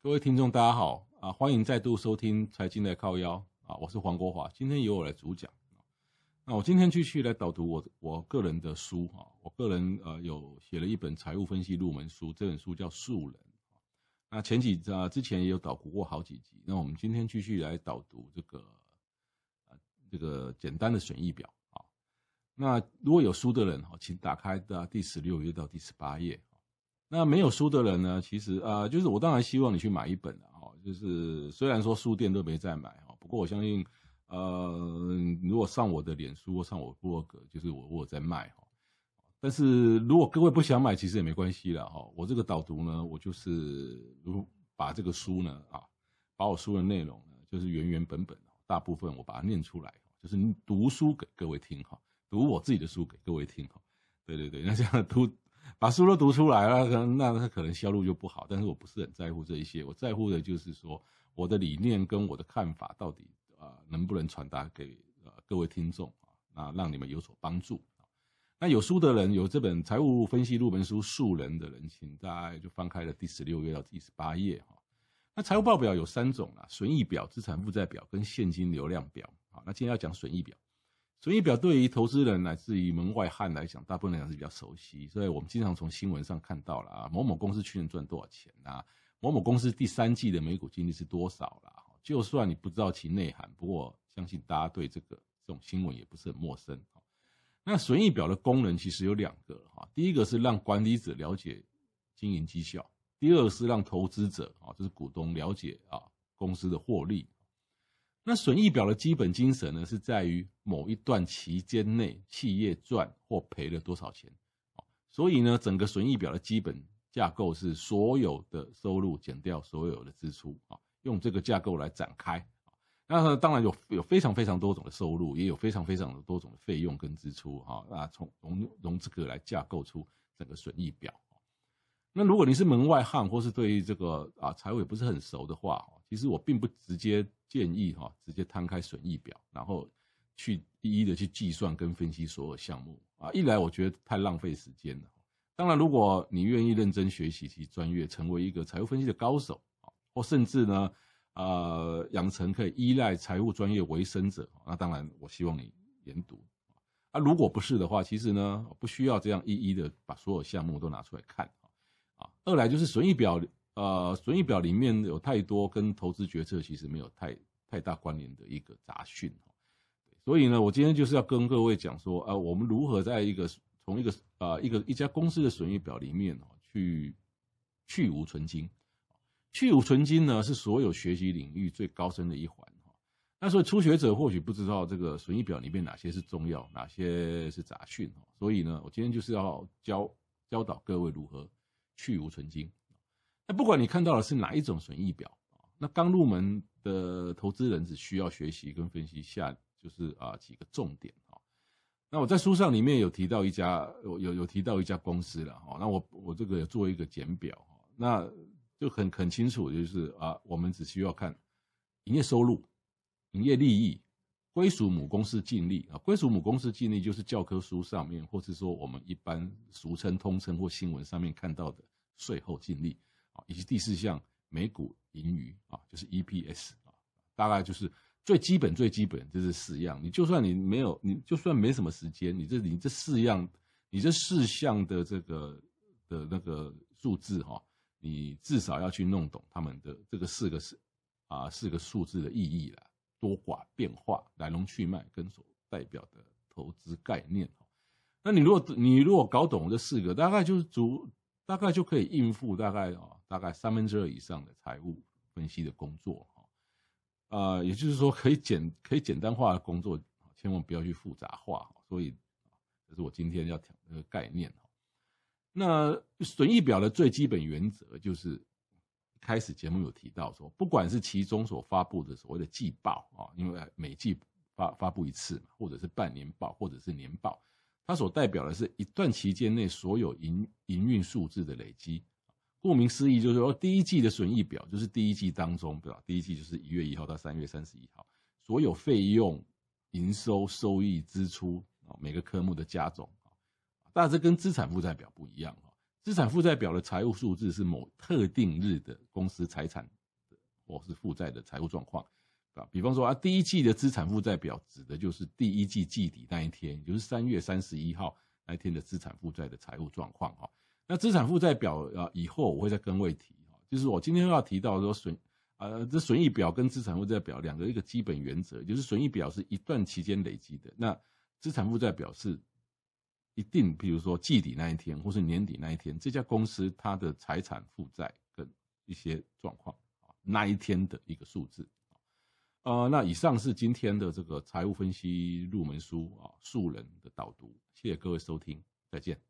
各位聽眾，大家好啊！歡迎再度收聽《財經來靠腰》啊！我是黃國華，今天由我來主講。那我今天繼續來導讀我我個人的書啊。我個人呃有寫了一本財務分析入門書，這本書叫《素人》。那前幾啊，之前也有導讀過好幾集，那我們今天繼續來導讀這個這個簡單的損益表啊。那如果有書的人哈，請打開的第十六頁到第十八頁。那沒有書的人呢？其實啊、呃，就是我當然希望你去買一本了、啊、哈。就是雖然說書店都沒在賣哈，不過我相信，呃，如果上我的臉書或上我的 blog，就是我我在賣哈。但是如果各位不想買，其實也沒關係了哈。我這個導讀呢，我就是如果把這個書呢啊，把我書的內容呢，就是原原本本，大部分我把它念出來，就是讀書給各位聽哈，讀我自己的書給各位聽哈。對對對，那這樣讀。把書都讀出來了，那他可能銷路就不好。但是我不是很在乎這一些，我在乎的就是說我的理念跟我的看法到底啊、呃、能不能傳達給呃各位聽眾啊，讓你們有所幫助。那有書的人，有這本財務分析入門書《素人》的人，請大家就翻開了第十六頁到第十八頁哈。那財務報表有三種啊，損益表、資產負債表跟現金流量表啊。那今天要講損益表。損益表對於投資人乃至於門外漢來講，大部分來講是比較熟悉，所以我們經常從新聞上看到了啊，某某公司去年賺多少錢啊，某某公司第三季的每股淨利是多少啦。就算你不知道其內涵，不過相信大家對這個這種新聞也不是很陌生。那損益表的功能其實有兩個哈，第一個是讓管理者了解經營績效，第二個是讓投資者啊，就是股東了解啊公司的獲利。那損益表的基本精神呢，是在於某一段期間內企業賺或賠了多少錢。所以呢，整個損益表的基本架構是所有的收入減掉所有的支出啊。用這個架構來展開啊。那當然有有非常非常多種的收入，也有非常非常多種的費用跟支出哈。那從融融資格來架構出整個損益表。那如果你是門外漢，或是對於這個啊財務也不是很熟的話。其實我並不直接建議哈，直接攤開損益表，然後去一一的去計算跟分析所有項目啊。一來我覺得太浪費時間了。當然，如果你願意認真學習其專業，成為一個財務分析的高手啊，或甚至呢，呃，養成可以依賴財務專業維生者啊，那當然我希望你研讀啊。如果不是的話，其實呢，不需要這樣一一的把所有項目都拿出來看啊。二來就是損益表。呃，損益表裡面有太多跟投資決策其實沒有太太大關聯的一個雜訊，對，所以呢，我今天就是要跟各位講說，呃，我們如何在一個從一個啊、呃、一個一家公司的損益表裡面哦去去蕪存菁，去蕪存菁呢是所有學習領域最高深的一環，那所以初學者或許不知道這個損益表裡面哪些是重要，哪些是雜訊，所以呢，我今天就是要教教導各位如何去蕪存菁。那不管你看到的是哪一種損益表，那剛入門的投資人只需要學習跟分析下，就是啊幾個重點。那我在書上裡面有提到一家，有有有提到一家公司了哈。那我我這個也做一個簡表，那就很很清楚，就是啊，我們只需要看營業收入、營業利益、歸屬母公司淨利啊，歸屬母公司淨利就是教科書上面，或是說我們一般俗稱通稱或新聞上面看到的稅後淨利。以及第四項每股盈餘啊，就是 EPS 啊，大概就是最基本最基本就是四樣。你就算你沒有，你就算沒什麼時間，你這你這四樣，你這四項的這個的那個數字哈、啊，你至少要去弄懂他們的這個四個是啊四個數字的意義啦，多寡變化來龍去脈跟所代表的投資概念、啊。那你如果你如果搞懂這四個，大概就是足大概就可以應付大概啊。大概三分之二以上的財務分析的工作，啊，也就是說，可以簡可以簡單化的工作，千萬不要去複雜化。所以，這是我今天要講的概念。那損益表的最基本原則就是，開始節目有提到說，不管是其中所發布的所謂的季報啊，因為每季發發布一次嘛或者是半年報，或者是年報，它所代表的是一段期間內所有營營運數字的累積。顧名思義，就是說第一季的損益表，就是第一季當中，對吧？第一季就是一月一號到三月三十一號，所有費用、營收、收益、支出啊，每個科目的加總啊。但是跟資產負債表不一樣啊，資產負債表的財務數字是某特定日的公司財產的或是負債的財務狀況。比方說啊，第一季的資產負債表指的就是第一季季底那一天，就是三月三十一號那一天的資產負債的財務狀況，哈。那資產負債表啊，以後我會再跟位提，就是我今天要提到說損，呃，這損益表跟資產負債表兩個一個基本原則，就是損益表是一段期間累積的，那資產負債表是一定，比如說季底那一天或是年底那一天，這家公司它的財產負債跟一些狀況那一天的一個數字啊。呃，那以上是今天的這個財務分析入門書啊，素人的導讀，謝謝各位收聽，再見。